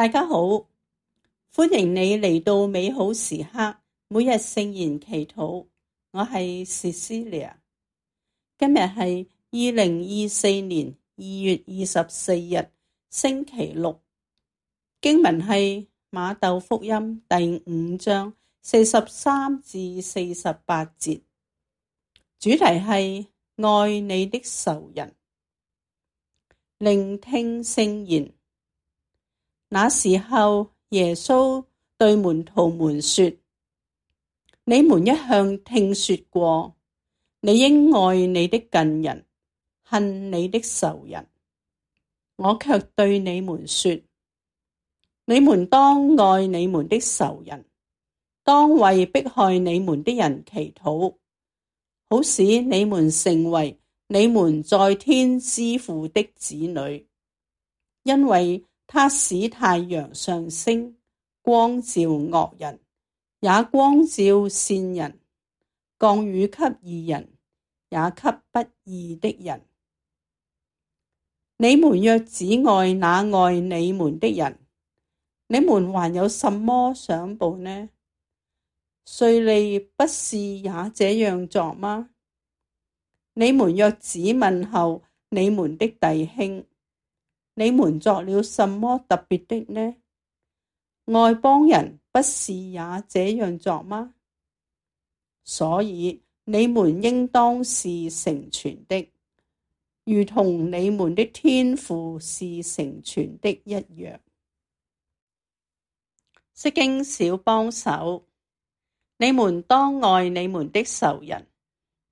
大家好，歡迎你嚟到美好時刻，每日聖言祈禱。我係 Cecilia，今日係二零二四年二月二十四日星期六。經文係馬竇福音第五章四十三至四十八節，主題係愛你的仇人，聆聽聖言。那時候，耶穌對門徒們說：你們一向聽說過，你應愛你的近人，恨你的仇人。我卻對你們說：你們當愛你們的仇人，當為迫害你們的人祈禱，好使你們成為你們在天之父的子女，因為，他使太陽上升，光照惡人，也光照善人；降雨給義人，也給不義的人。你們若只愛那愛你們的人，你們還有什麼賞報呢？稅吏不是也這樣做嗎？你們若只問候你們的弟兄，你們作了什麼特別的呢？外邦人不是也這樣作嗎？所以你們應當是成全的，如同你們的天父是成全的一樣。釋經小幫手，你們當愛你們的仇人，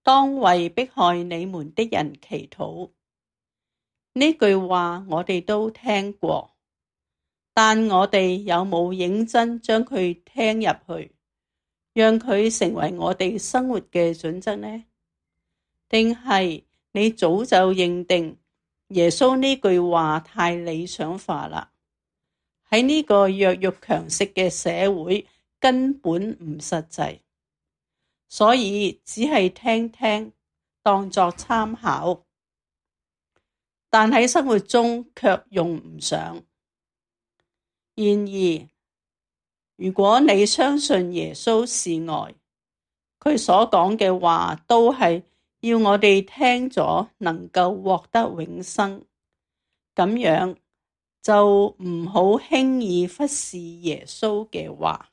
當為迫害你們的人祈禱。呢句話我哋都聽過，但我哋有冇認真將佢聽入去，讓佢成為我哋生活嘅準則呢？定係你早就認定耶穌呢句話太理想化啦，喺呢個弱肉強食嘅社會，根本唔實際，所以只係聽聽，當作參考。但喺生活中卻用唔上。然而，如果你相信耶穌是愛，佢所講嘅話都係要我哋聽咗，能夠獲得永生。咁樣就唔好輕易忽視耶穌嘅話。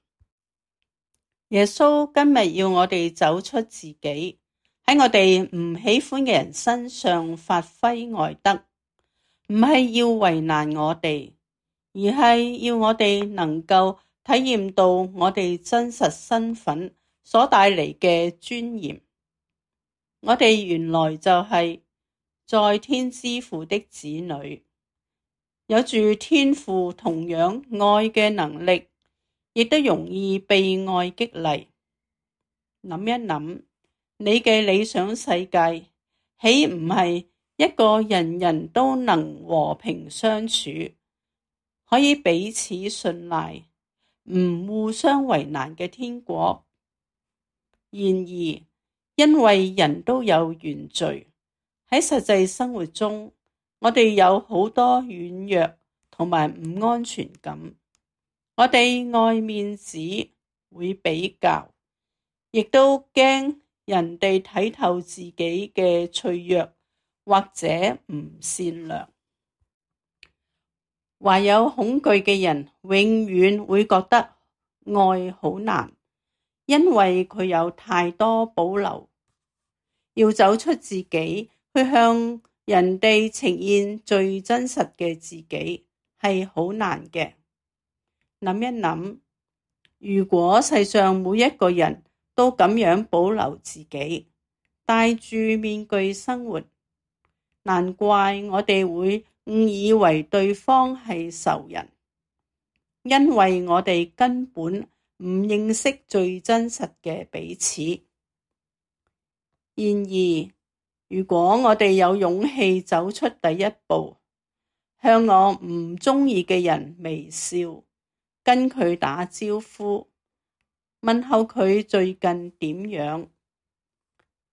耶穌今日要我哋走出自己。喺我哋唔喜歡嘅人身上發揮愛德，唔係要為難我哋，而係要我哋能夠體驗到我哋真實身份所帶嚟嘅尊嚴。我哋原來就係在天之父的子女，有住天父同樣愛嘅能力，亦都容易被愛激勵。諗一諗。你嘅理想世界豈唔係一個人人都能和平相處，可以彼此信賴，唔互相為難嘅天國？然而，因為人都有原罪，喺實際生活中，我哋有好多軟弱同埋唔安全感。我哋愛面子，會比較，亦都驚。人哋睇透自己嘅脆弱，或者唔善良。懷有恐懼嘅人永遠會覺得愛好難，因為佢有太多保留。要走出自己，去向人哋呈現最真實嘅自己，係好難嘅。諗一諗，如果世上每一個人，都咁樣保留自己，戴住面具生活，難怪我哋會誤以為對方係仇人，因為我哋根本唔認識最真實嘅彼此。然而，如果我哋有勇氣走出第一步，向我唔鍾意嘅人微笑，跟佢打招呼。問候佢最近點樣？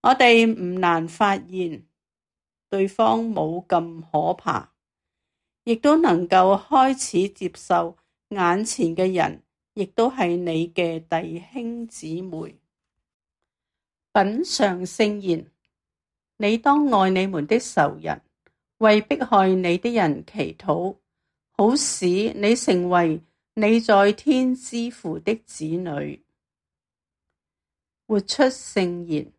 我哋唔難發現對方冇咁可怕，亦都能夠開始接受眼前嘅人，亦都係你嘅弟兄姊妹。品嘗聖言，你當愛你們的仇人，為迫害你的人祈禱，好使你成為你在天之父的子女。活出聖言，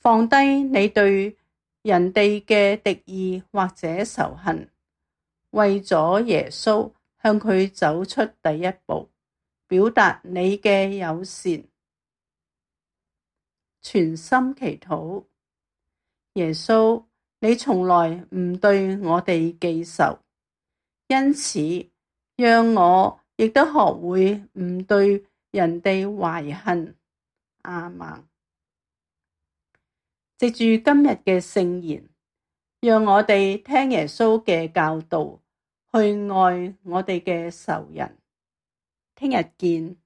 放低你對人哋嘅敵意或者仇恨，為咗耶穌向佢走出第一步，表達你嘅友善，全心祈禱。耶穌，你從來唔對我哋記仇，因此讓我亦都學會唔對人哋懷恨。阿們，藉住、啊、今日嘅聖言，讓我哋聽耶穌嘅教導，去愛我哋嘅仇人。聽日見。